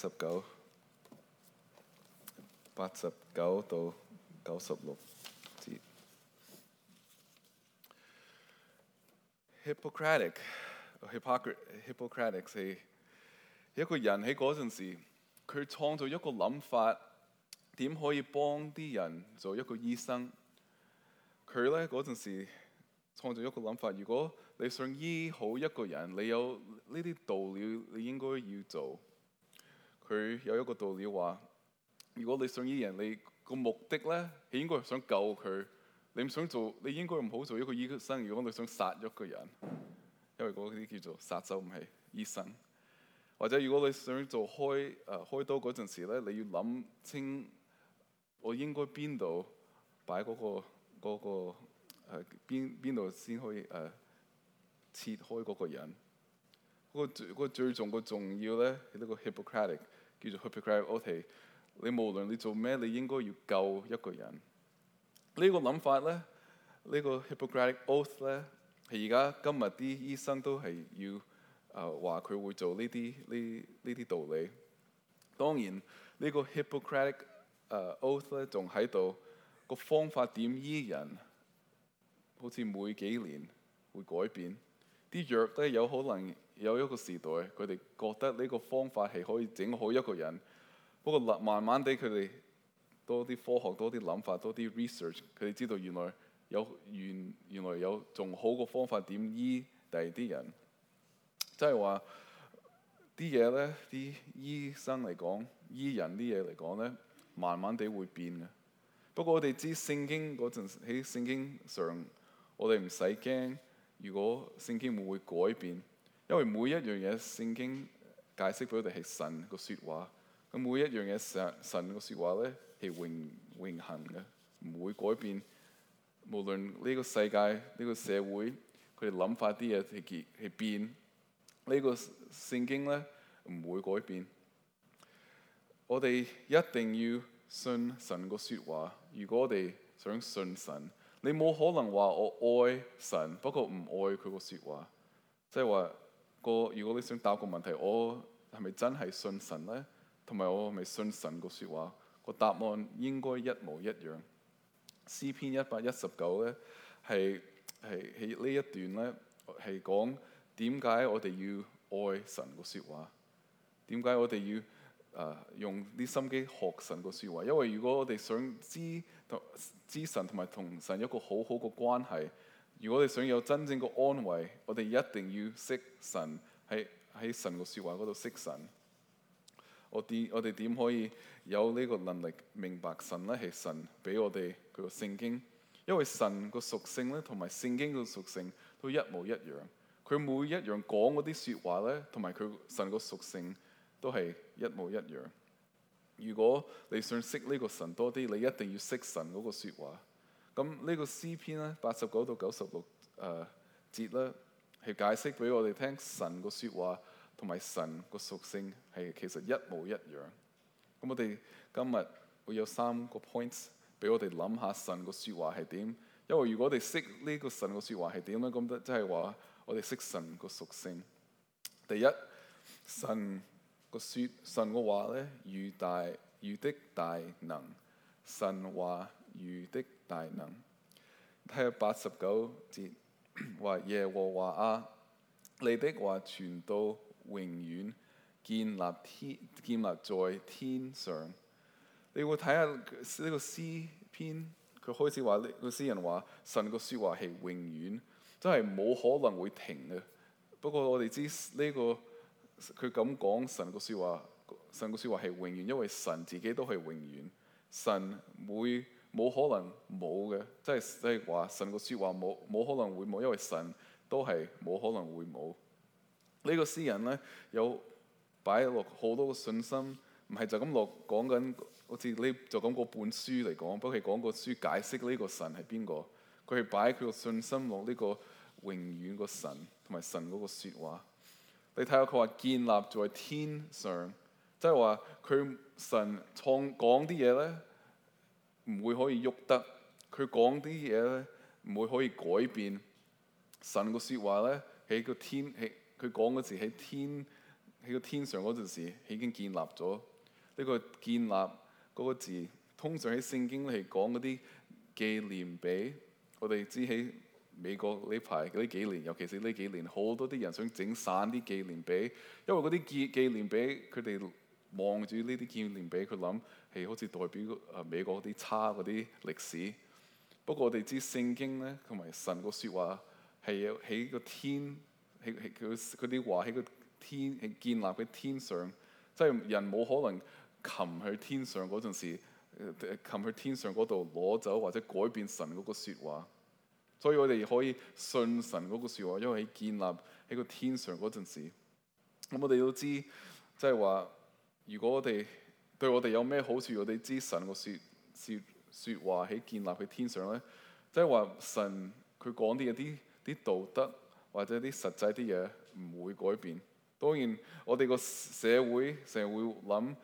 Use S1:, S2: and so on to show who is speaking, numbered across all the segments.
S1: 十九，八十九到九十六。Hippocratic Hippocratic Hippocratic，係一個人喺嗰陣時，佢創造一個諗法，點可以幫啲人做一個醫生？佢咧嗰陣時創造一個諗法，如果你想醫好一個人，你有呢啲道理，你應該要做。佢有一個道理話：如果你想醫人，你個目的咧，你應該係想救佢。你唔想做，你應該唔好做一個醫生。如果你想殺咗個人，因為嗰啲叫做殺手唔係醫生。或者如果你想做開誒、啊、開刀嗰陣時咧，你要諗清我應該、嗰個嗰個啊、邊度擺嗰個嗰個誒邊邊度先可以誒、啊、切開嗰個人。嗰、嗰個嗰個最重個重要咧係呢個 Hippocratic。叫做 Hippocratic oath，你無論你做咩，你應該要救一個人。這個、呢、這個諗法咧，呢個 Hippocratic oath 咧，係而家今日啲醫生都係要誒話佢會做呢啲呢呢啲道理。當然、這個、呢個 Hippocratic 誒 oath 咧，仲喺度個方法點醫人，好似每幾年會改變，啲藥都係有可能。有一個時代，佢哋覺得呢個方法係可以整好一個人。不過，慢慢地，佢哋多啲科學、多啲諗法、多啲 research，佢哋知道原來有原原來有仲好嘅方法點醫第二啲人。即係話啲嘢咧，啲醫生嚟講，醫人啲嘢嚟講咧，慢慢地會變嘅。不過，我哋知聖經嗰陣喺聖經上，我哋唔使驚，如果聖經會唔會改變。因為每一樣嘢，聖經解釋俾我哋係神個説話，咁每一樣嘢神神個説話咧係永永恆嘅，唔會改變。無論呢個世界呢個社會佢哋諗法啲嘢係結係變，呢個聖經咧唔會改變。我哋一定要信神個説話。如果我哋想信神，你冇可能話我愛神，不過唔愛佢個説話，即係話。個如果你想答個問題，我係咪真係信神呢？同埋我係咪信神個説話，那個答案應該一模一樣。詩篇一百一十九呢，係係喺呢一段呢，係講點解我哋要愛神個説話，點解我哋要誒、呃、用啲心機學神個説話？因為如果我哋想知同知神同埋同神有一個好好個關係。如果你想有真正嘅安慰，我哋一定要識神喺喺神個說話嗰度識神。我哋我哋點可以有呢個能力明白神咧？係神俾我哋佢個聖經，因為神個屬性咧，同埋聖經個屬性都一模一樣。佢每一樣講嗰啲說話咧，同埋佢神個屬性都係一模一樣。如果你想識呢個神多啲，你一定要識神嗰個說話。咁呢個詩篇咧，八十九到九十六誒節咧，係解釋俾我哋聽神個説話同埋神個屬性係其實一模一樣。咁我哋今日會有三個 point 俾我哋諗下神個説話係點，因為如果我哋識呢個神個説話係點，咁得即係話我哋識神個屬性。第一，神個説神個話咧，預大預的大能。神話。語的大能，睇下八十九節話， 耶和華啊，你的話傳到永遠，建立天建立在天上。你會睇下呢個詩篇，佢開始話呢個詩人話神個説話係永遠，真係冇可能會停嘅。不過我哋知呢個佢咁講，神個説話神個説話係永遠，因為神自己都係永遠，神每。冇可能冇嘅，即係即係話神個說話冇冇可能會冇，因為神都係冇可能會冇。呢個詩人咧有擺落好多個信心，唔係就咁落講緊，好似呢，就咁個本書嚟講，不過佢講個書解釋呢個神係邊個，佢係擺佢個信心落呢個永遠個神同埋神嗰個說話。你睇下佢話建立在天上，即係話佢神創講啲嘢咧，唔會可以喐得，佢講啲嘢咧，唔會可以改變。神個説話咧，喺個天，喺佢講嗰時喺天喺個天上嗰陣時，已經建立咗。呢個建立嗰個字，通常喺聖經係講嗰啲紀念碑。我哋知喺美國呢排呢幾年，尤其是呢幾年，好多啲人想整散啲紀念碑，因為嗰啲紀紀念碑佢哋。望住呢啲見念俾佢諗，係好似代表誒美國啲差嗰啲歷史。不過我哋知聖經咧，同埋神個説話係喺個天，喺喺佢啲話喺個天，係建立喺天上。即係人冇可能擒去天上嗰陣時，擒去天上嗰度攞走或者改變神嗰個説話。所以我哋可以信神嗰個説話，因為喺建立喺個天上嗰陣時。咁我哋都知，即係話。如果我哋對我哋有咩好處？我哋知神個説説説話喺建立喺天上咧，即係話神佢講啲嘢啲啲道德或者啲實際啲嘢唔會改變。當然我哋個社會成日會諗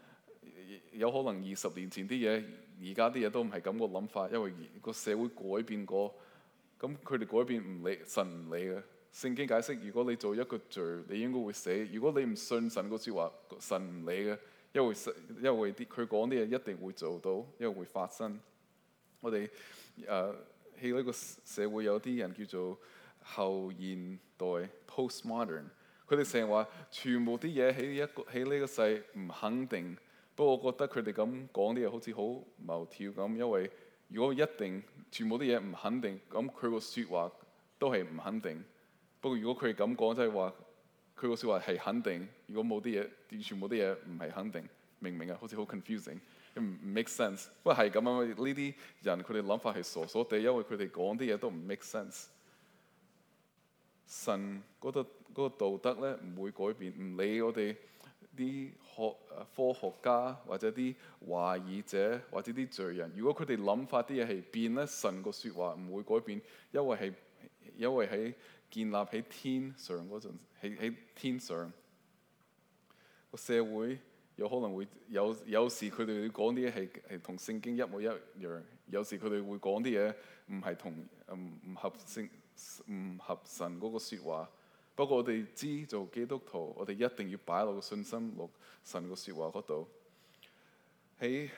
S1: 有可能二十年前啲嘢，而家啲嘢都唔係咁個諗法，因為個社會改變過。咁佢哋改變唔理，神唔理嘅。聖經解釋，如果你做一個罪，你應該會死。如果你唔信神個説話，神唔理嘅。因為因為啲佢講啲嘢一定會做到，因為會發生。我哋誒喺呢個社會有啲人叫做後現代 （postmodern），佢哋成日話全部啲嘢喺一個喺呢個世唔肯定。不過我覺得佢哋咁講啲嘢好似好矛盾咁，因為如果一定全部啲嘢唔肯定，咁佢個説話都係唔肯定。不過如果佢哋咁講，即係話。佢個説話係肯定，如果冇啲嘢，完全冇啲嘢唔係肯定，明唔明啊？好似好 confusing，唔 make sense。喂，係咁啊，呢啲人佢哋諗法係傻傻地，因為佢哋講啲嘢都唔 make sense。神嗰個嗰個道德咧唔會改變，唔理我哋啲學科學家或者啲懷疑者或者啲罪人，如果佢哋諗法啲嘢係變咧，神個説話唔會改變，因為係因為喺。建立喺天上嗰陣，喺喺天上個社會有可能會有，有時佢哋會講啲嘢係係同聖經一模一樣，有時佢哋會講啲嘢唔係同唔唔合聖唔合神嗰個説話。不過我哋知做基督徒，我哋一定要擺落個信心落神嗰個説話嗰度。喺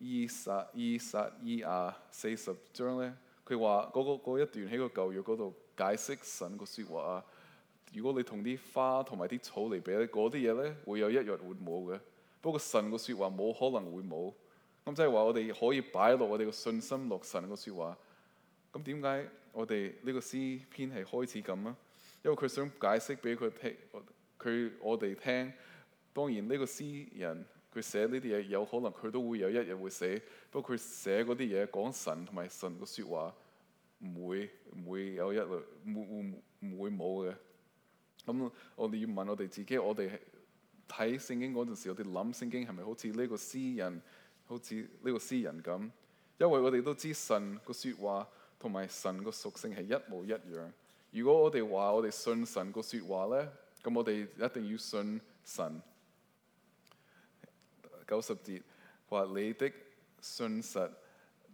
S1: 以賽以賽以賽亞四十章咧，佢話嗰個一段喺個舊約嗰度。解釋神個説話啊！如果你同啲花同埋啲草嚟比咧，嗰啲嘢咧會有一日會冇嘅。不過神個説話冇可能會冇。咁即係話我哋可以擺落我哋個信心落神個説話。咁點解我哋呢個詩篇係開始咁咧？因為佢想解釋俾佢聽，佢我哋聽。當然呢個詩人佢寫呢啲嘢有可能佢都會有一日會死，不過佢寫嗰啲嘢講神同埋神個説話。唔會唔會有一類，唔會唔會冇嘅。咁我哋要問我哋自己，我哋睇聖經嗰陣時，我哋諗聖經係咪好似呢個詩人，好似呢個詩人咁？因為我哋都知神個説話同埋神個屬性係一模一樣。如果我哋話我哋信神個説話咧，咁我哋一定要信神。九十節話，你的信實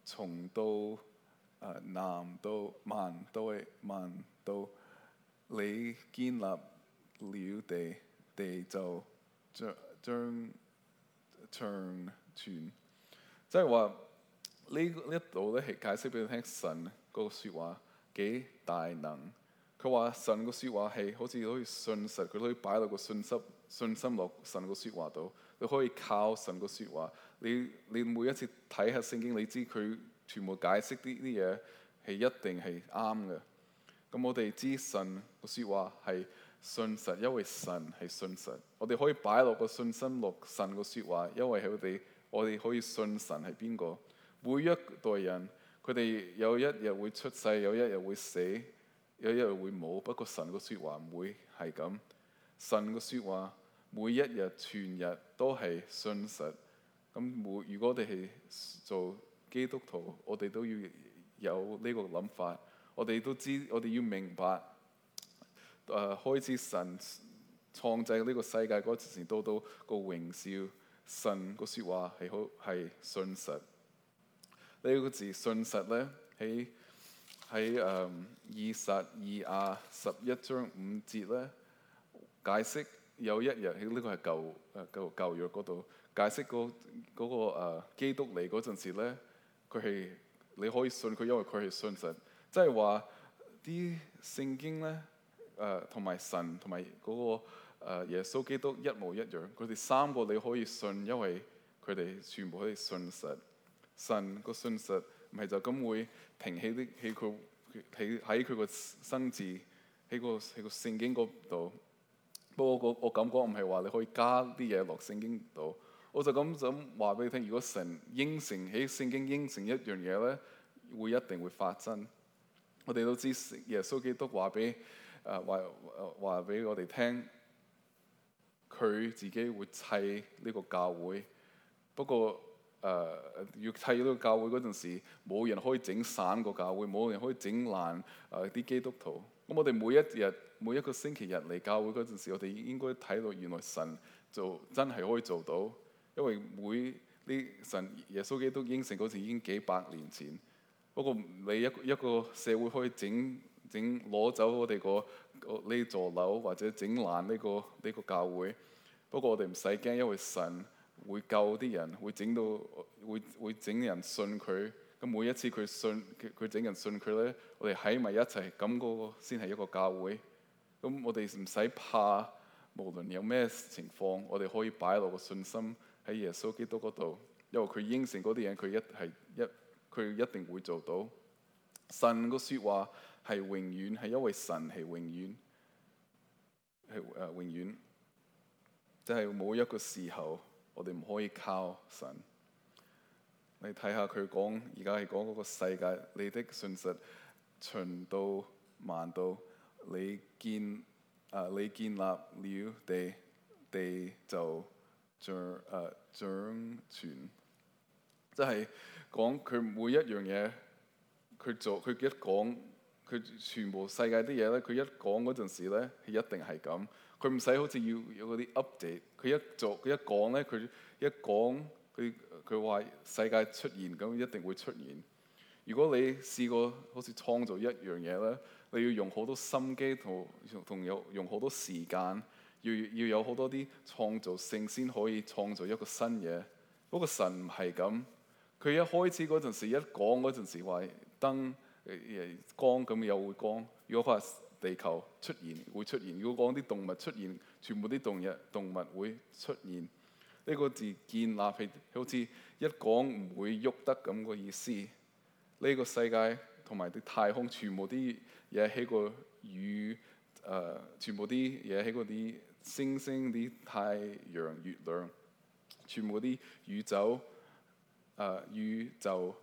S1: 從到。啊南到萬到萬到，你建立了地，地就將將長存。即係話呢呢一度咧，係解釋俾你聽，神個說話幾大能。佢話神個說話係好似可以信實，佢可以擺落個信心信心落神個說話度，你可以靠神個說話。你你每一次睇下聖經，你知佢。全部解釋啲啲嘢係一定係啱嘅。咁我哋知神個説話係信實，因為神係信實。我哋可以擺落個信心落神個説話，因為佢哋我哋可以信神係邊個。每一代人佢哋有一日會出世，有一日會死，有一日會冇。不過神個説話唔會係咁。神個説話每一日全日都係信實。咁每如果我哋係做，基督徒，我哋都要有呢個諗法。我哋都知，我哋要明白，誒、呃、開始神創制呢個世界嗰時，時到到個榮耀，神個説話係好係信實。呢、呢個字信實咧，喺喺誒以賽亞十一章五節咧解釋，有一日喺呢個係舊誒舊舊約嗰度解釋嗰、那、嗰個、那個啊、基督嚟嗰陣時咧。佢係你可以信佢，因為佢係信實。即係話啲聖經咧，誒同埋神同埋嗰個、呃、耶穌基督一模一樣。佢哋三個你可以信，因為佢哋全部可以信實。神個信實唔係就咁會平起啲喺佢喺喺佢個生字喺個喺個聖經嗰度。不過我我感覺唔係話你可以加啲嘢落聖經度。我就咁就咁話俾你聽，如果神應承起，聖經應承一樣嘢咧，會一定會發生。我哋都知耶穌基督話俾誒話誒話俾我哋聽，佢自己會砌呢個教會。不過誒、呃、要砌呢個教會嗰陣時，冇人可以整散個教會，冇人可以整爛誒啲基督徒。咁我哋每一日每一個星期日嚟教會嗰陣時，我哋應該睇到原來神就真係可以做到。因為每呢神耶穌基督應承嗰時已經幾百年前，不過你一個一個社會可以整整攞走我哋個呢座樓，或者整爛呢個呢個教會。不過我哋唔使驚，因為神會救啲人，會整到會會整人信佢。咁每一次佢信佢整人信佢咧，我哋喺埋一齊，咁嗰個先係一個教會。咁我哋唔使怕，無論有咩情況，我哋可以擺落個信心。喺耶穌基督嗰度，因為佢應承嗰啲嘢，佢一係一佢一定會做到。神嘅説話係永遠，係因為神係永遠係誒永遠，即係冇一個時候我哋唔可以靠神。你睇下佢講，而家係講嗰個世界，你的信實循到萬代，你建啊你建立了地，地就。掌誒掌權，即係、uh, 就是、講佢每一樣嘢，佢做佢一講，佢全部世界啲嘢咧，佢一講嗰陣時咧，佢一定係咁。佢唔使好似要有嗰啲 update，佢一做佢一講咧，佢一講佢佢話世界出現咁，一定會出現。如果你試過好似創造一樣嘢咧，你要用好多心機同同有用好多時間。要要有好多啲創造性先可以創造一個新嘢。不過神唔係咁，佢一開始嗰陣時一講嗰陣時話燈、呃、光，咁又會光。如果話地球出現，會出現，如果講啲動物出現，全部啲動嘢動物會出現。呢、這個字建立起好似一講唔會喐得咁個意思。呢、這個世界同埋啲太空全部啲嘢喺個雨，誒，全部啲嘢喺嗰啲。呃星星啲太陽、月亮，全部啲宇宙、誒、呃、宇宙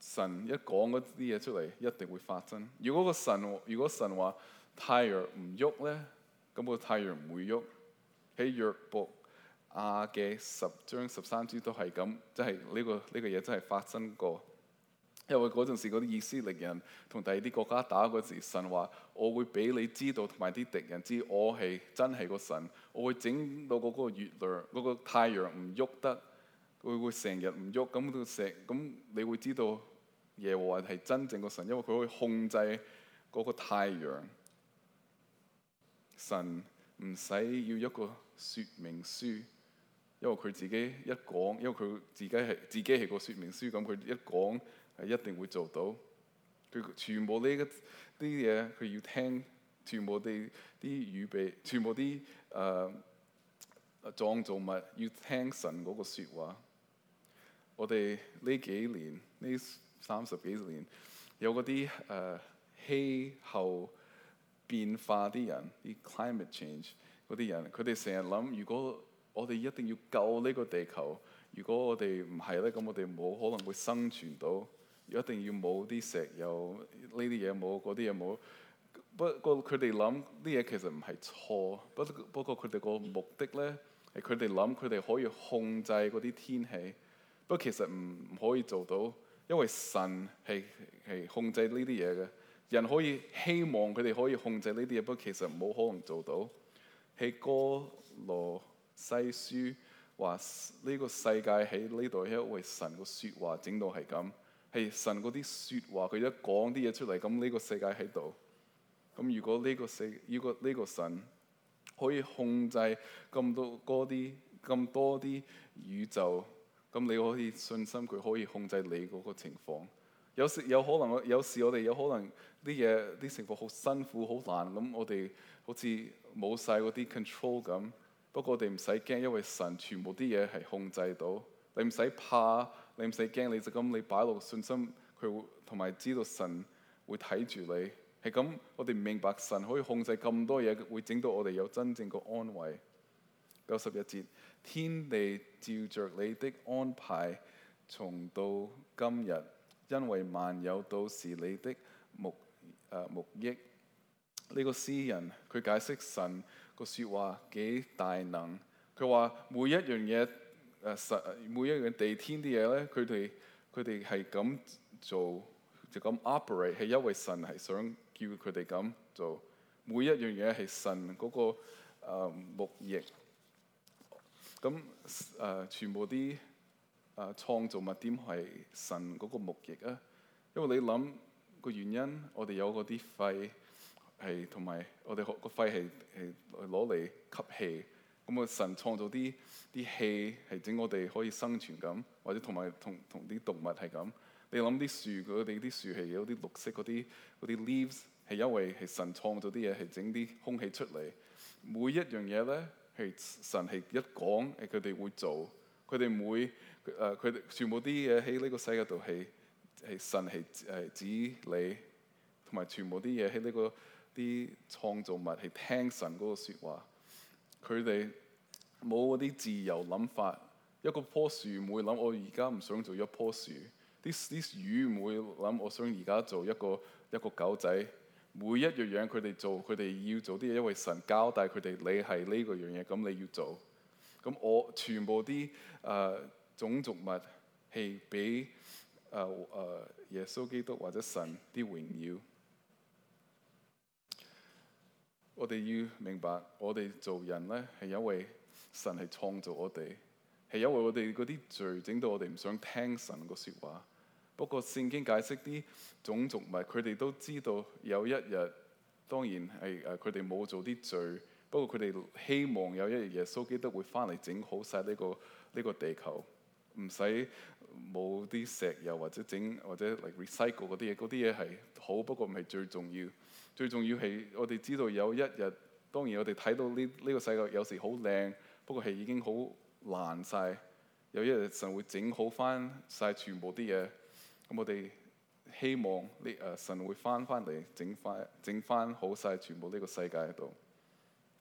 S1: 神一講嗰啲嘢出嚟，一定會發生。如果個神如果神話太陽唔喐咧，咁、個太陽唔會喐。喺約伯亞嘅十章十三節都係咁，即係呢個呢、呢個嘢真係發生過。因為嗰陣時嗰啲以色列人同第二啲國家打嗰時，神話：我會俾你知道，同埋啲敵人知我係真係個神。我會整到嗰個月亮、嗰個太陽唔喐得，佢會成日唔喐。咁個成，咁你會知道耶和華係真正個神，因為佢可以控制嗰個太陽。神唔使要一個説明書，因為佢自己一講，因為佢自己係自己係個説明書，咁佢一講。係一定會做到。佢全部呢啲嘢，佢要聽全部啲啲預備，全部啲誒創造物要聽神嗰個説話。我哋呢幾年呢三十幾年，年有嗰啲誒氣候變化啲人，啲 climate change 嗰啲人，佢哋成日諗：如果我哋一定要救呢個地球，如果我哋唔係咧，咁我哋冇可能會生存到。一定要冇啲石油，油呢啲嘢冇，嗰啲嘢冇。不過佢哋諗啲嘢其實唔係錯，不不過佢哋個目的咧，係佢哋諗佢哋可以控制嗰啲天氣，不過其實唔可以做到，因為神係係控制呢啲嘢嘅。人可以希望佢哋可以控制呢啲嘢，不過其實唔好可能做到。喺哥羅西書話，呢個世界喺呢度係因為神個說話整到係咁。係、hey, 神嗰啲説話，佢一講啲嘢出嚟，咁呢個世界喺度。咁如果呢個世，如果呢個神可以控制咁多啲、咁多啲宇宙，咁你可以信心佢可以控制你嗰個情況。有時有可能，有時我哋有可能啲嘢、啲情況好辛苦、好難。咁我哋好似冇晒嗰啲 control 咁。不過我哋唔使驚，因為神全部啲嘢係控制到，你唔使怕。你唔使驚，你就咁你擺落個信心，佢會同埋知道神會睇住你。係咁，我哋唔明白神可以控制咁多嘢，會整到我哋有真正個安慰。九十一節，天地照着你的安排，從到今日，因為萬有都是你的目誒、呃、目益。呢、這個詩人佢解釋神個説話幾大能，佢話每一樣嘢。誒、啊、神每一樣地天啲嘢咧，佢哋佢哋係咁做，就咁 operate，係因為神係想叫佢哋咁做。每一樣嘢係神嗰、那個誒僕役。咁、啊、誒、啊、全部啲誒、啊、創造物點係神嗰個僕役啊？因為你諗個原因，我哋有嗰啲肺係同埋，我哋個肺係係攞嚟吸氣。咁啊！神創造啲啲氣，係整我哋可以生存咁，或者同埋同同啲動物係咁。你諗啲樹，佢哋啲樹係有啲綠色嗰啲嗰啲 leaves，係因為係神創造啲嘢，係整啲空氣出嚟。每一樣嘢咧，係神係一講，誒佢哋會做，佢哋唔會誒佢哋全部啲嘢喺呢個世界度係係神係誒指你，同埋全部啲嘢喺呢個啲創造物係聽神嗰個説話。佢哋冇嗰啲自由諗法，一個棵樹唔會諗我而家唔想做一棵樹，啲啲魚唔會諗我想而家做一個一個狗仔，每一樣樣佢哋做，佢哋要做啲嘢，因為神交代佢哋你係呢個樣嘢，咁你要做。咁我全部啲誒、uh, 種族物係俾誒誒耶穌基督或者神啲榮耀。我哋要明白，我哋做人呢，係因為神係創造我哋，係因為我哋嗰啲罪整到我哋唔想聽神個說話。不過聖經解釋啲種族唔係，佢哋都知道有一日，當然係誒佢哋冇做啲罪。不過佢哋希望有一日耶穌基督會翻嚟整好晒、這、呢個呢、呢個地球，唔使冇啲石油或者整或者嚟、like、recycle 嗰啲嘢。嗰啲嘢係好，不過唔係最重要。最重要係我哋知道有一日，當然我哋睇到呢呢個世界有時好靚，不過係已經好爛晒。有一日神會整好翻晒全部啲嘢，咁我哋希望呢誒神會翻翻嚟整翻整翻好晒全部呢個世界度。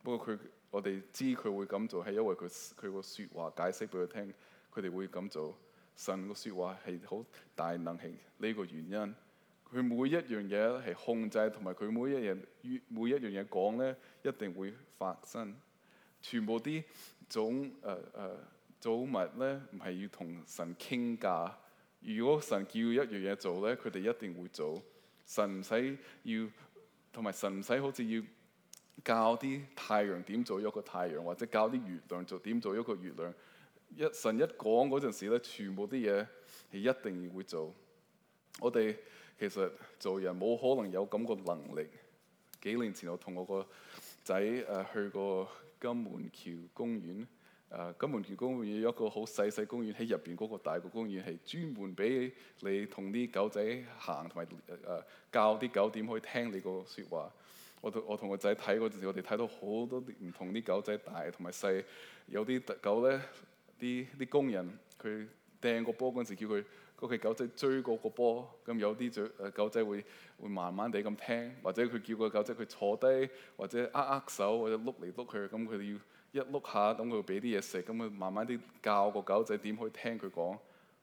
S1: 不過佢我哋知佢會咁做係因為佢佢個説話解釋俾佢聽，佢哋會咁做。神個説話係好大能，係呢個原因。佢每一樣嘢係控制，同埋佢每一樣每一樣嘢講咧，一定會發生。全部啲組誒誒造物咧，唔係要同神傾價。如果神叫一樣嘢做咧，佢哋一定會做。神唔使要，同埋神唔使好似要教啲太陽點做一個太陽，或者教啲月亮做點做一個月亮。一神一講嗰陣時咧，全部啲嘢係一定要會做。我哋。其實做人冇可能有咁嘅能力。幾年前我同我個仔誒去過金門橋公園，誒金門橋公園有一個好細細公園喺入邊，嗰個大個公園係專門俾你同啲狗仔行，同埋誒教啲狗點可以聽你個説話，我我我。我同我同個仔睇嗰陣時，我哋睇到好多唔同啲狗仔大同埋細，有啲狗咧，啲啲工人佢掟個波嗰陣時叫佢。個佢狗仔追嗰個波，咁有啲就誒狗仔會會慢慢地咁聽，或者佢叫個狗仔佢坐低，或者握握手，或者碌嚟碌去。咁佢哋要一碌下，等佢俾啲嘢食，咁佢慢慢啲教個狗仔點去聽佢講。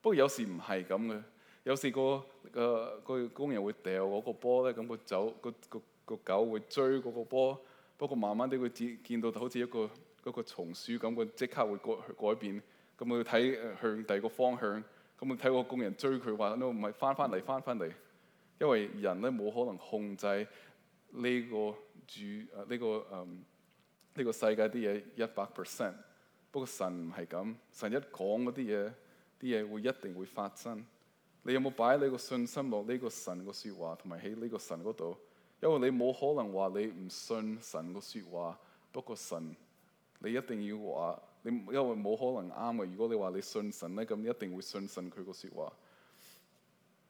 S1: 不過有時唔係咁嘅，有時、那個個、個工人會掉嗰個波咧，咁佢走、個、個、個狗會追嗰個波。不過慢慢啲佢見見到好似一個嗰、個松鼠咁，佢即刻會改改變，咁佢睇向第二個方向。咁冇睇過工人追佢話，呢個唔係翻翻嚟，翻翻嚟。因為人咧冇可能控制呢個主誒呢個誒呢個世界啲嘢一百 percent。不過神唔係咁，神一講嗰啲嘢，啲嘢會一定會發生。你有冇擺你個信心落呢個神個説話同埋喺呢個神嗰度？因為你冇可能話你唔信神個説話，不過神你一定要話。你因為冇可能啱嘅。如果你話你信神咧，咁你一定會信神佢個説話。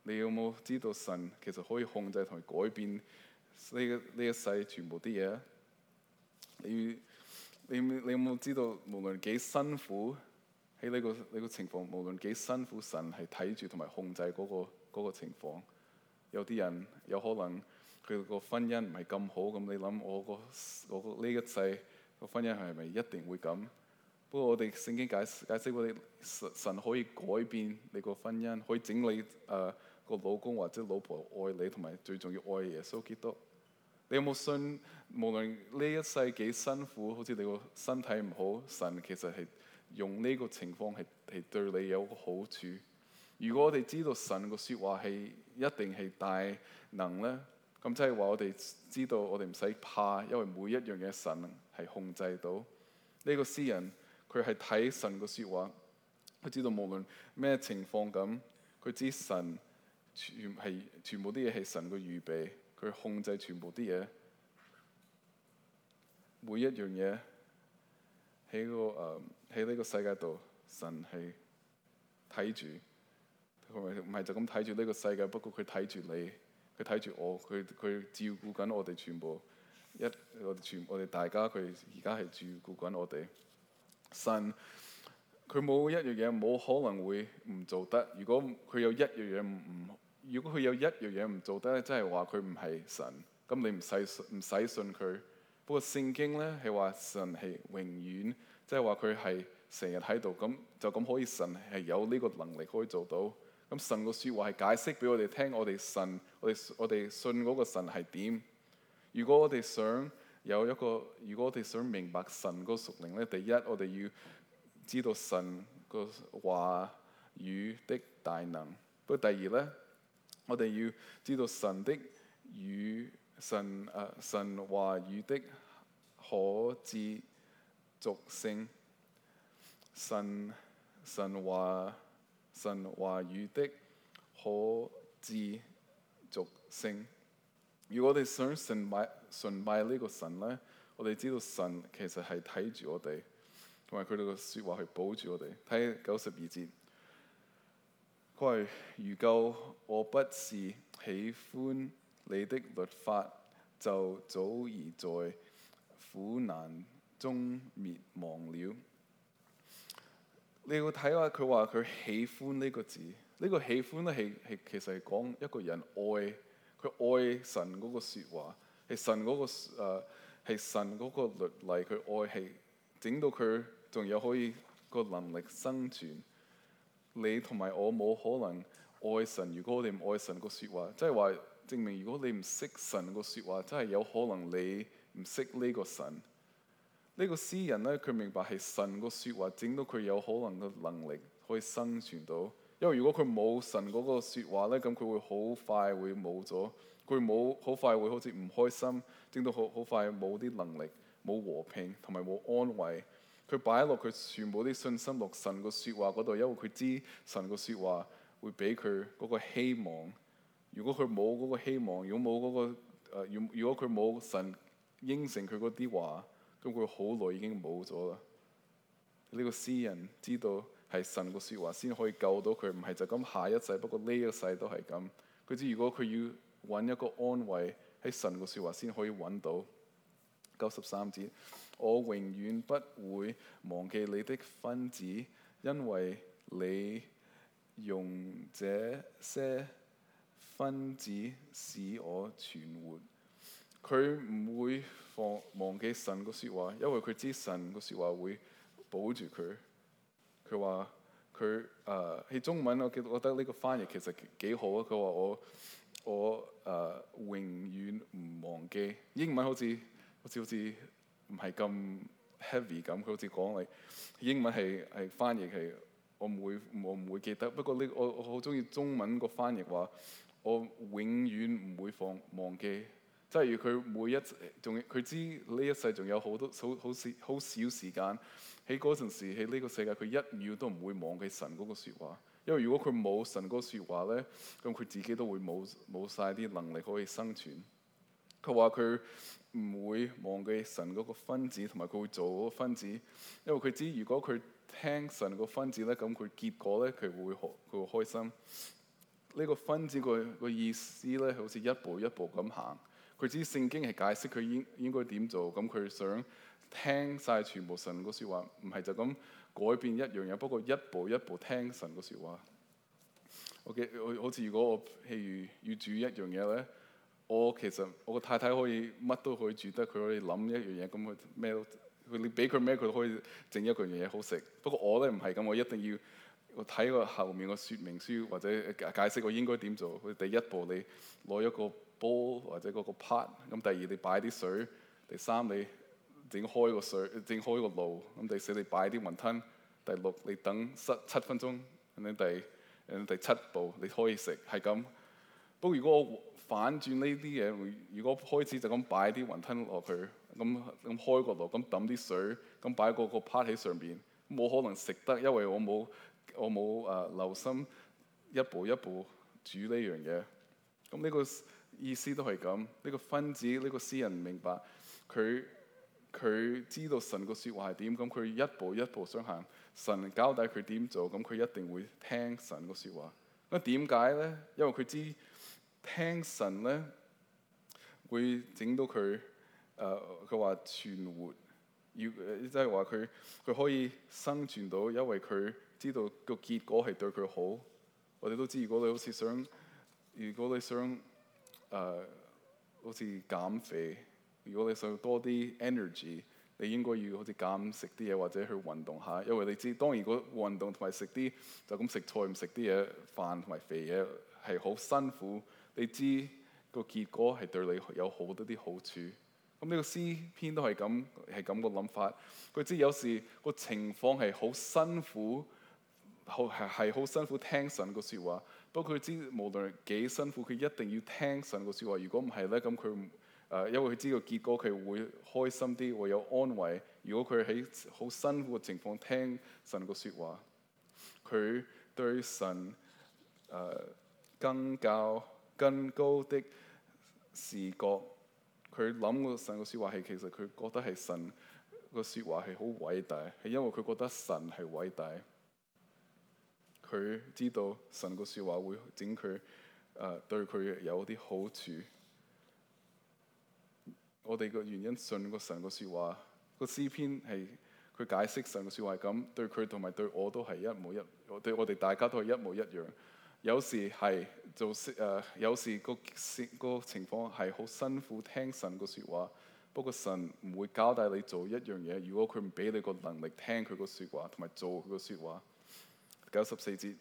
S1: 你有冇知道神其實可以控制同埋改變呢個呢一世全部啲嘢，你你你有冇知道？無論幾辛苦喺呢個呢個情況，無論幾辛苦，神係睇住同埋控制嗰個嗰個情況。有啲人有可能佢個婚姻唔係咁好，咁你諗我個我呢一世個婚姻係咪一定會咁？不過我哋聖經解釋解釋嗰啲神神，可以改變你個婚姻，可以整理誒，個老公或者老婆愛你，同埋最重要愛耶穌基督。你有冇信？無論呢一世幾辛苦，好似你個身體唔好，神其實係用呢個情況係係對你有個好處。如果我哋知道神個説話係一定係大能咧，咁即係話我哋知道我哋唔使怕，因為每一樣嘢神係控制到呢個詩人。佢係睇神嘅説話，佢知道無論咩情況咁，佢知神全係全部啲嘢係神嘅預備，佢控制全部啲嘢，每一樣嘢喺個誒喺呢個世界度，神係睇住，佢咪唔係就咁睇住呢個世界。不過佢睇住你，佢睇住我，佢佢照顧緊我哋全部一我哋全我哋大家，佢而家係照顧緊我哋。神佢冇一樣嘢冇可能會唔做得。如果佢有一樣嘢唔，如果佢有一樣嘢唔做得咧，即係話佢唔係神。咁你唔使唔使信佢。不過聖經咧係話神係永遠，即係話佢係成日喺度。咁就咁可以神係有呢個能力可以做到。咁神個説話係解釋俾我哋聽，我哋信我哋我哋信嗰個神係點？如果我哋想。有一個，如果我哋想明白神個屬靈咧，第一我哋要知道神個話語的大能，不過第二咧，我哋要知道神的語，神誒、啊、神話語的可持續性，神神話神話語的可持續性。如果我哋想神買。崇拜呢個神咧，我哋知道神其實係睇住我哋，同埋佢哋嘅説話係保住我哋。睇九十二節，佢話：如舊，我不是喜歡你的律法，就早已在苦難中滅亡了。你要睇下佢話佢喜歡呢個字，呢個喜歡咧係係其實係講一個人愛佢愛神嗰個説話。係神嗰，那個誒，係神嗰個律例佢愛係整到佢仲有可以個能力生存。你同埋我冇可能愛神，如果我哋唔愛神個説話，即係話證明如果你唔識神個説話，真係有可能你唔識呢個神。這個、詩呢個詩人咧，佢明白係神個説話，整到佢有可能個能力可以生存到。因為如果佢冇神嗰個説話咧，咁佢會好快會冇咗。佢冇好快，會好似唔開心，整到好好快冇啲能力，冇和平同埋冇安慰。佢擺落佢全部啲信心落神個説話嗰度，因為佢知神個説話會俾佢嗰個希望。如果佢冇嗰個希望，如果冇嗰、嗰個如、呃、如果佢冇神應承佢嗰啲話，咁佢好耐已經冇咗啦。呢、呢個詩人知道係神個説話先可以救到佢，唔係就咁下一世。不過呢一世都係咁。佢知如果佢要，揾，一個安慰喺神嘅説話先可以揾到。九十三節，我永遠不會忘記你的訓詞，因為你用這些訓詞使我存活。佢唔會忘忘記神嘅説話，因為佢知神嘅説話會保住佢。佢話佢誒，喺中文，我覺得呢個翻譯其實幾好啊。佢話我，我誒、呃、永遠唔忘記，英文好似好似好似唔係咁 heavy 咁，佢好似講你英文係係翻譯，係我唔會我唔會記得。不過呢，我我好中意中文個翻譯話，我永遠唔會放忘記。即係佢每一仲佢知呢一世仲有好多好好少好少時間喺嗰陣時喺呢個世界，佢一秒都唔會忘記神嗰個説話。因為如果佢冇神嗰説話咧，咁佢自己都會冇冇晒啲能力可以生存。佢話佢唔會忘記神嗰個分子，同埋佢會做嗰個分子。因為佢知如果佢聽神個分子咧，咁佢結果咧佢會佢會開心。呢個分子佢個意思咧，好似一步一步咁行。佢知聖經係解釋佢應應該點做，咁佢想聽晒全部神個説話，唔係就咁。改變一樣嘢，不過一步一步聽神個説話。OK，我好似如果我譬如要煮一樣嘢咧，我其實我個太太可以乜都可以煮。得佢可以諗一樣嘢，咁佢咩都，你俾佢咩，佢都可以整一樣嘢好食。不過我咧唔係咁，我一定要我睇個後面個說明書或者解釋我應該點做。第一步你攞一個煲或者嗰個 pot，咁第二你擺啲水，第三你。整開個水，整開個爐咁，第四你擺啲雲吞，第六你等七七分鐘，咁第，咁第七步你可以食，係咁。不過如果我反轉呢啲嘢，如果開始就咁擺啲雲吞落去，咁咁開個爐，咁抌啲水，咁擺個個 part 喺上邊，冇可能食得，因為我冇我冇誒、uh, 留心一步一步煮呢樣嘢。咁呢個意思都係咁，呢個分子呢個詩人明白佢。佢知道神個説話係點，咁佢一步一步想行，神交代佢點做，咁佢一定會聽神個説話。咁點解咧？因為佢知聽神咧會整到佢，誒佢話存活，要即係話佢佢可以生存到，因為佢知道個結果係對佢好。我哋都知，如果你好似想，如果你想誒、呃、好似減肥。如果你想多啲 energy，你應該要好似減食啲嘢或者去運動下，因為你知當然如果運動同埋食啲就咁食菜唔食啲嘢飯同埋肥嘢係好辛苦，你知個結果係對你有好多啲好處。咁、嗯、呢個詩篇都係咁係咁個諗法。佢知有時個情況係好辛苦，係係好辛苦聽神個説話。不過佢知無論幾辛苦，佢一定要聽神個説話。如果唔係咧，咁佢唔。誒，因為佢知道結果，佢會開心啲，會有安慰。如果佢喺好辛苦嘅情況聽神個説話，佢對神誒、呃、更較更高的視覺，佢諗過神個説話係其實佢覺得係神個説話係好偉大，係因為佢覺得神係偉大。佢知道神個説話會整佢誒對佢有啲好處。我哋個原因信個神個說話，個詩篇係佢解釋神個說話咁，對佢同埋對我都係一模一，對我哋大家都係一模一樣。有時係做誒、呃，有時個個情況係好辛苦聽神個說話。不過神唔會交代你做一樣嘢，如果佢唔俾你個能力聽佢個說話同埋做佢個說話。九十四節，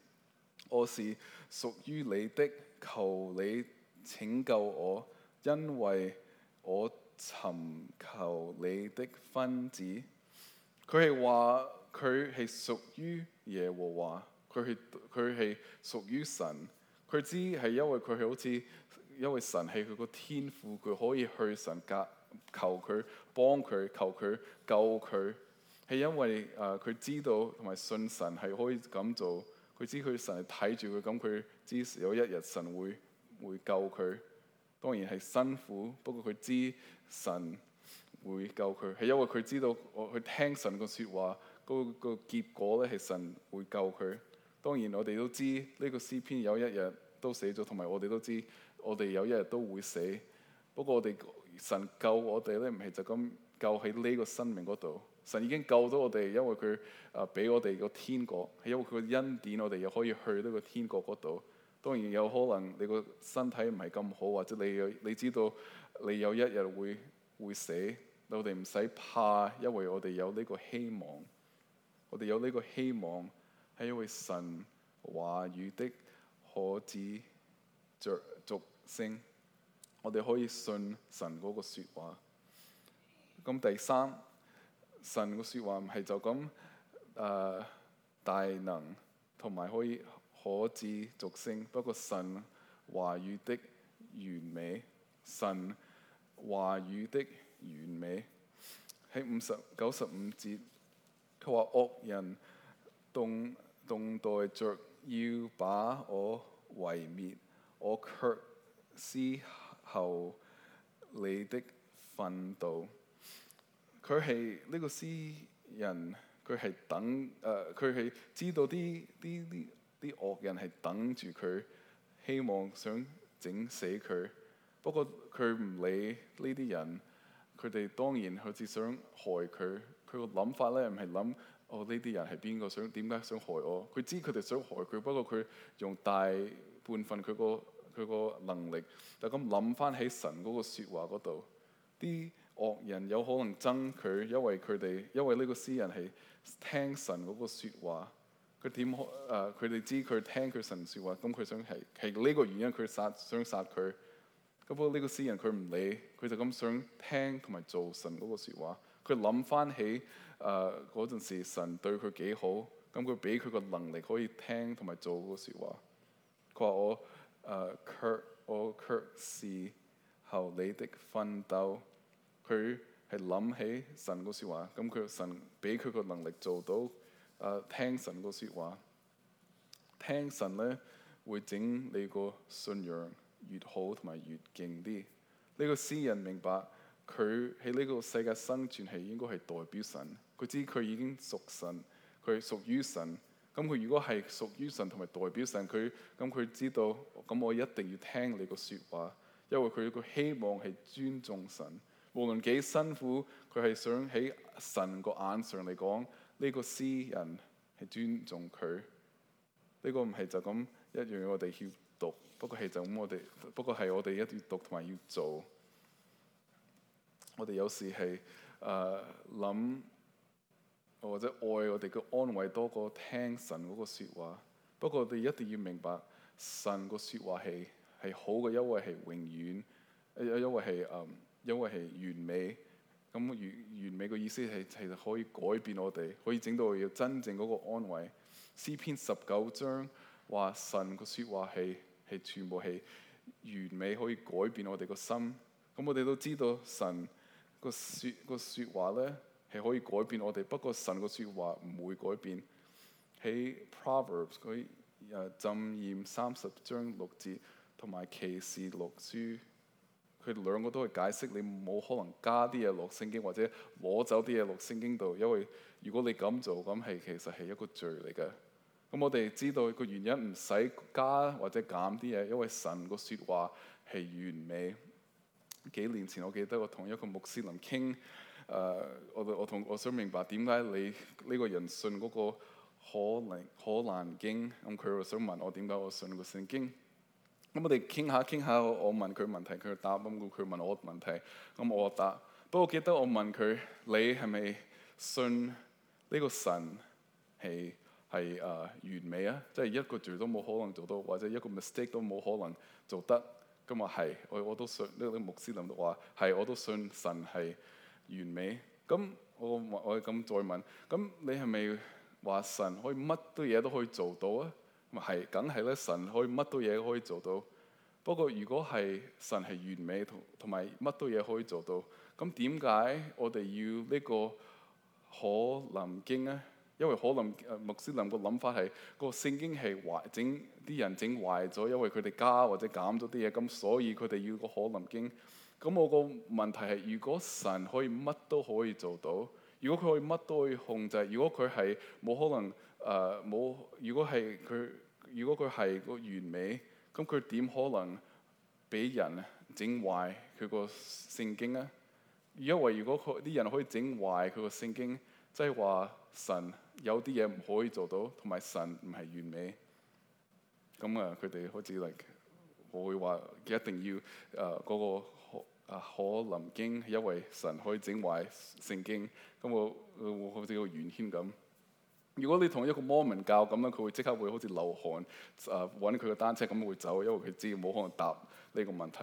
S1: 我是屬於你的，求你拯救我，因為我。尋求你的分子。佢係話佢係屬於耶和華，佢係佢係屬於神。佢知係因為佢係好似，因為神係佢個天父，佢可以去神格求佢幫佢，求佢救佢，係因為誒佢、呃、知道同埋信神係可以咁做。佢知佢神係睇住佢，咁佢知有一日神會會救佢。當然係辛苦，不過佢知神會救佢，係因為佢知道，我去聽神個說話，嗰、那個結果咧係神會救佢。當然我哋都知呢、這個詩篇有一日都死咗，同埋我哋都知我哋有一日都會死。不過我哋神救我哋咧，唔係就咁救喺呢個生命嗰度。神已經救咗我哋，因為佢啊俾我哋個天國，係因為佢個恩典，我哋又可以去呢個天國嗰度。當然有可能你個身體唔係咁好，或者你你知道你有一日會會死，但我哋唔使怕，因為我哋有呢個希望。我哋有呢個希望係因為神話語的可指著逐聖，我哋可以信神嗰個説話。咁第三，神嘅説話唔係就咁誒、呃、大能，同埋可以。可至逐性，不過神話語的完美，神話語的完美喺五十九十五節，佢話惡人動動待着，要把我毀滅，我卻思候你的訓導。佢係呢個詩人，佢係等誒，佢、呃、係知道啲啲啲。啲惡人係等住佢，希望想整死佢。不過佢唔理呢啲人，佢哋當然好似想害佢。佢個諗法咧唔係諗哦，呢啲人係邊個？想點解想害我？佢知佢哋想害佢，不過佢用大半份佢個佢個能力，就咁諗返喺神嗰個説話嗰度。啲惡人有可能憎佢，因為佢哋因為呢個詩人係聽神嗰個説話。佢點？誒，佢、呃、哋知佢聽佢神説話，咁佢想係係呢個原因，佢殺想殺佢。咁不過呢個詩人佢唔理，佢就咁想聽同埋做神嗰個説話。佢諗返起誒嗰陣時，時，神對佢幾好，咁佢俾佢個能力可以聽同埋做個説話。佢話我誒卻、呃、我卻是後你的奮鬥。佢係諗起神嗰説話，咁佢神俾佢個能力做到。誒、uh，聽神個説話，聽神咧會整你個信仰越好同埋越勁啲。呢、這個詩人明白佢喺呢個世界生存係應該係代表神。佢知佢已經屬神，佢屬於神。咁佢如果係屬於神同埋代表神，佢咁佢知道咁我一定要聽你個説話，因為佢個希望係尊重神。無論幾辛苦，佢係想喺神個眼上嚟講。呢個詩人係尊重佢，呢個唔係就咁一樣，我哋要讀，不過係就咁我哋，不過係我哋一定要讀同埋要做，我哋有時係誒諗或者愛我哋嘅安慰多過聽神嗰個説話，不過我哋一定要明白神個説話係係好嘅，因為係永遠，誒因為係誒因為係完美。咁完、嗯、完美個意思係係可以改變我哋，可以整到要真正嗰個安慰。詩篇十九章話神個説話係係全部係完美，可以改變我哋個心。咁、嗯、我哋都知道神說、那個説個説話咧係可以改變我哋，不過神個説話唔會改變。喺 Proverbs 佢、啊、誒箴言三十章六節同埋歧事六書。佢哋兩個都係解釋，你冇可能加啲嘢落聖經，或者攞走啲嘢落聖經度，因為如果你咁做，咁係其實係一個罪嚟嘅。咁、嗯、我哋知道個原因，唔使加或者減啲嘢，因為神個説話係完美。幾年前我記得我同一個穆斯林傾，誒、呃，我我同我，我，我想明白點解你呢、這個人信嗰個可靈可蘭經，咁佢又想問我點解我信個聖經？咁我哋傾下傾下，我問佢問題，佢答；咁佢問我問題，咁我答。不過記得我問佢：你係咪信呢個神係係誒完美啊？即係一個字都冇可能做到，或者一個 mistake 都冇可能做得。咁話係，我我都信呢個穆斯林都話係，我都信神係完美。咁我我咁再問：咁你係咪話神可以乜都嘢都可以做到啊？咪係，梗係咧，神可以乜都嘢可以做到。不過如果係神係完美同同埋乜都嘢可以做到，咁點解我哋要呢個可蘭經咧？因為可能牧師林誒穆斯林個諗法係個聖經係壞整啲人整壞咗，因為佢哋加或者減咗啲嘢，咁所以佢哋要個可蘭經。咁我個問題係：如果神可以乜都可以做到，如果佢可以乜都可以控制，如果佢係冇可能？誒冇、呃，如果係佢，如果佢係個完美，咁佢點可能俾人整壞佢個聖經咧？因為如果啲人可以整壞佢個聖經，即係話神有啲嘢唔可以做到，同埋神唔係完美。咁啊，佢、呃、哋好似嚟，like, 我會話一定要誒嗰、呃那個可、啊、可蘭經，因為神可以整壞聖經，咁我，我，我好似個圓圈咁。如果你同一個摩門教咁樣，佢會即刻會好似流汗，誒揾佢個單車咁會走，因為佢知冇可能答呢個問題。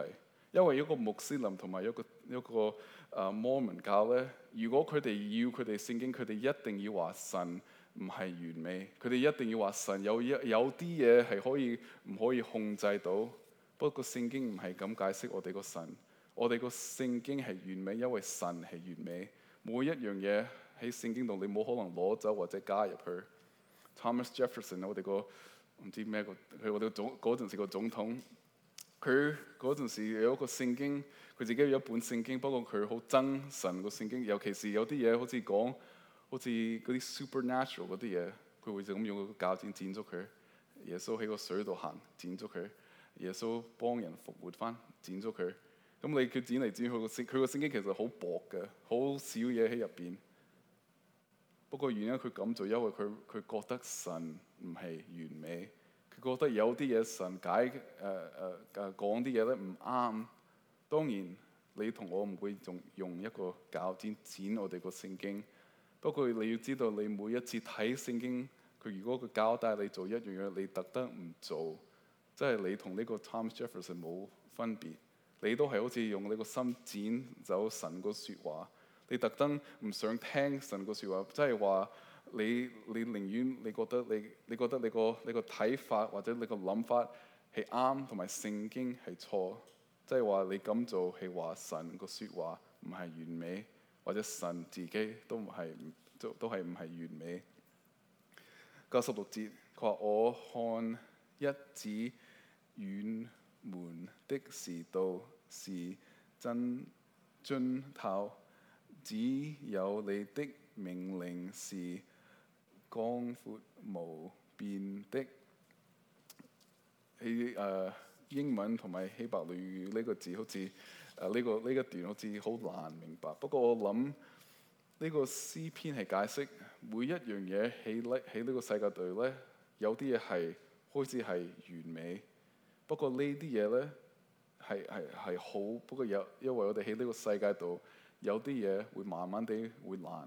S1: 因為一個穆斯林同埋一個一個誒、呃、摩門教咧，如果佢哋要佢哋聖經，佢哋一定要話神唔係完美，佢哋一定要話神有一有啲嘢係可以唔可以控制到。不過聖經唔係咁解釋我哋個神，我哋個聖經係完美，因為神係完美，每一樣嘢。喺聖經度，你冇可能攞走或者加入去 Th。Thomas Jefferson 啊，我哋個唔知咩個佢我哋個總嗰陣時個總統，佢嗰陣時有一個聖經，佢自己有一本聖經，不過佢好憎神個聖經，尤其是有啲嘢好似講好似嗰啲 supernatural 嗰啲嘢，佢會就咁用個鉸剪剪咗佢。耶穌喺個水度行剪咗佢，耶穌幫人復活翻剪咗佢。咁你佢剪嚟剪去個聖佢個聖，聖經其實好薄嘅，好少嘢喺入邊。不過原因佢咁做，因為佢佢覺得神唔係完美，佢覺得有啲嘢神解誒誒誒講啲嘢咧唔啱。當然你同我唔會用用一個鉸剪剪我哋個聖經。不過你要知道，你每一次睇聖經，佢如果佢交帶你做一樣嘢，你特登唔做，即係你同呢個 Thomas Jefferson 冇分別，你都係好似用你個心剪走神個説話。你特登唔想聽神個説話，即係話你你寧願你覺得你你覺得你個你個睇法或者你個諗法係啱，同埋聖經係錯，即係話你咁做係話神個説話唔係完美，或者神自己都唔係都都係唔係完美。九十六節，佢話：我看一指遠門的時道是真進透。 只有你的命令是光闊無變的。喺、啊、誒英文同埋希伯來語呢個字好似誒呢個呢、呢個段好似好難明白。不過我諗呢個詩篇係解釋每一樣嘢喺呢喺呢個世界度咧，有啲嘢係開始係完美。不過呢啲嘢咧係係係好，不過有因為我哋喺呢個世界度。有啲嘢會慢慢地會爛，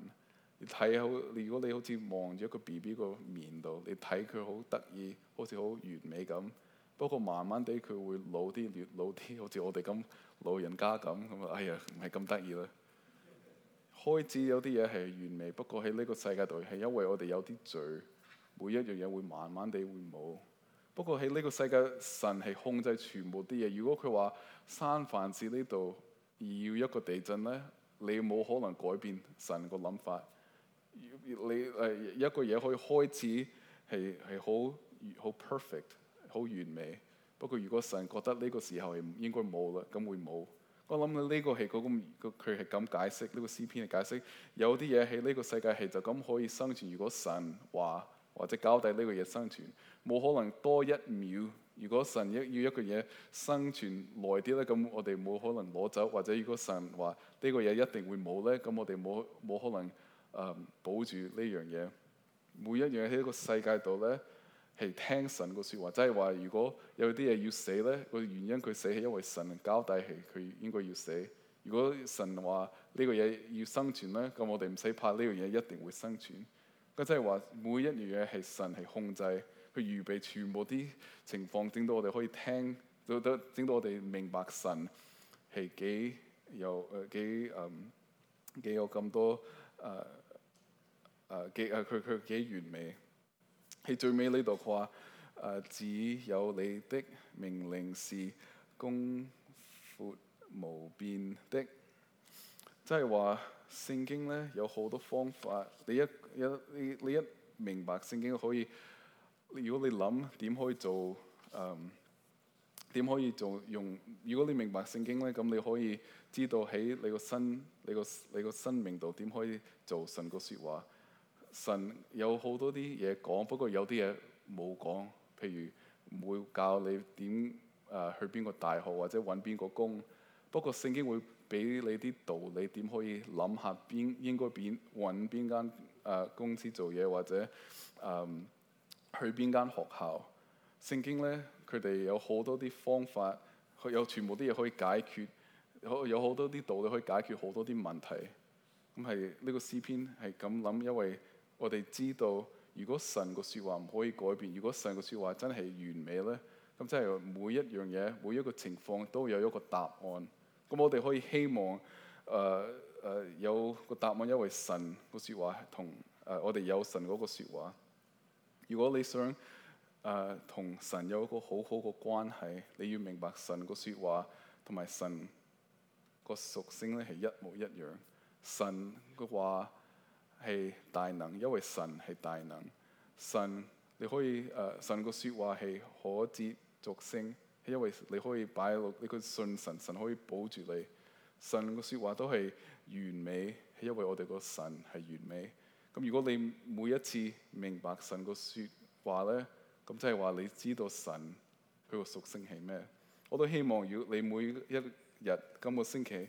S1: 你睇好，如果你好似望住一個 B B 個面度，你睇佢好得意，好似好完美咁。不過慢慢地佢會老啲，老啲好似我哋咁老人家咁。咁啊，哎呀，唔係咁得意啦。開始有啲嘢係完美，不過喺呢個世界度係因為我哋有啲罪，每一樣嘢會慢慢地會冇。不過喺呢個世界，神係控制全部啲嘢。如果佢話三藩市呢度而要一個地震咧？你冇可能改變神個諗法。你誒一個嘢可以開始係係好好 perfect 好完美，不過如果神覺得呢個時候係應該冇啦，咁會冇。我諗呢呢個係佢咁佢係咁解釋呢、這個詩篇嘅解釋。有啲嘢喺呢個世界係就咁可以生存。如果神話或者交代呢個嘢生存，冇可能多一秒。如果神一要一個嘢生存耐啲咧，咁我哋冇可能攞走；或者如果神話呢個嘢一定會冇咧，咁我哋冇冇可能誒、呃、保住呢樣嘢。每一樣嘢喺一個世界度咧，係聽神個説話，即係話如果有啲嘢要死咧，個原因佢死係因為神交代係佢應該要死。如果神話呢個嘢要生存咧，咁我哋唔使怕呢樣嘢一定會生存。個即係話每一樣嘢係神係控制。去預備全部啲情況，整到我哋可以聽，都都整到我哋明白神係幾有誒幾誒幾有咁多誒誒幾誒佢佢幾完美。喺最尾呢度話誒，只有你的命令是寬闊無邊的。即係話聖經咧有好多方法，你一有你一你一明白聖經可以。如果你諗點可以做，嗯，點可以做用？如果你明白聖經咧，咁你可以知道喺你個身、你個你個生命度點可以做神個説話。神有好多啲嘢講，不過有啲嘢冇講。譬如唔會教你點誒、呃、去邊個大學或者揾邊個工，不過聖經會俾你啲道理，點可以諗下邊應該邊揾邊間誒公司做嘢或者嗯。去邊間學校？聖經咧，佢哋有好多啲方法，有全部啲嘢可以解決，有好多啲道理可以解決好多啲問題。咁係呢個詩篇係咁諗，因為我哋知道，如果神個説話唔可以改變，如果神個説話真係完美咧，咁真係每一樣嘢、每一個情況都有一個答案。咁我哋可以希望，誒、呃、誒、呃、有個答案，因為神個説話同誒、呃、我哋有神嗰個説話。如果你想誒同、呃、神有一個好好嘅關係，你要明白神個說話同埋神個屬性咧係一模一樣。神嘅話係大能，因為神係大能。神你可以誒、呃，神個說話係可接續性，係因為你可以擺落你個信神，神可以保住你。神個說話都係完美，係因為我哋個神係完美。咁如果你每一次明白神個說話咧，咁即係話你知道神佢個屬性係咩？我都希望如果你每一日今個星期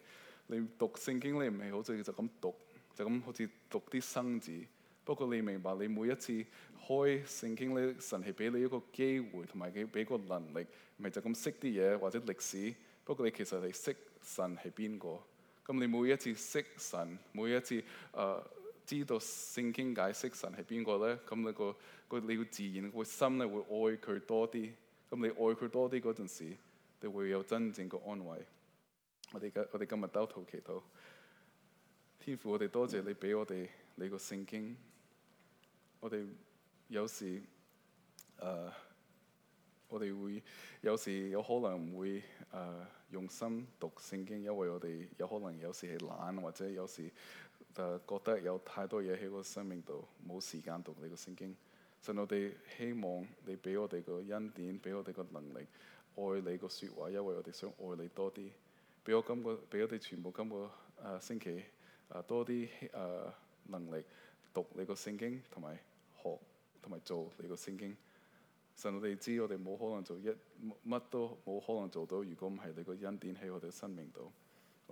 S1: 你讀聖經你唔係好似就咁讀，就咁好似讀啲生字。不過你明白你每一次開聖經咧，神係俾你一個機會，同埋幾俾個能力，咪就咁識啲嘢或者歷史。不過你其實你識神係邊個？咁你每一次識神，每一次誒。呃知道聖經解釋神係邊個咧？咁你個個你個自然會、那個、心咧會愛佢多啲。咁你愛佢多啲嗰陣時，你會有真正嘅安慰。我哋嘅我哋今日兜途祈禱，天父，我哋多謝你俾我哋你個聖經。我哋有時誒、呃，我哋會有時有可能唔會誒、呃、用心讀聖經，因為我哋有可能有時係懶或者有時，就覺得有太多嘢喺我生命度，冇時間讀你個聖經。神，我哋希望你俾我哋個恩典，俾我哋個能力愛你個説話，因為我哋想愛你多啲。俾我今個，俾我哋全部今個誒星期誒多啲誒能力讀你個聖經，同埋學同埋做你個聖經。神，我哋知我哋冇可能做一乜都冇可能做到，如果唔係你個恩典喺我哋生命度。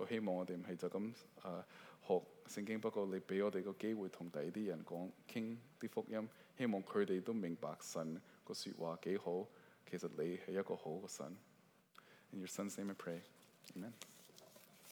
S1: 我希望我哋唔係就咁誒，uh，學聖經，不過你俾我哋個機會同第二啲人講傾啲福音，希望佢哋都明白神個説話幾好。其實你係一個好嘅神。In your son's name I pray. Amen.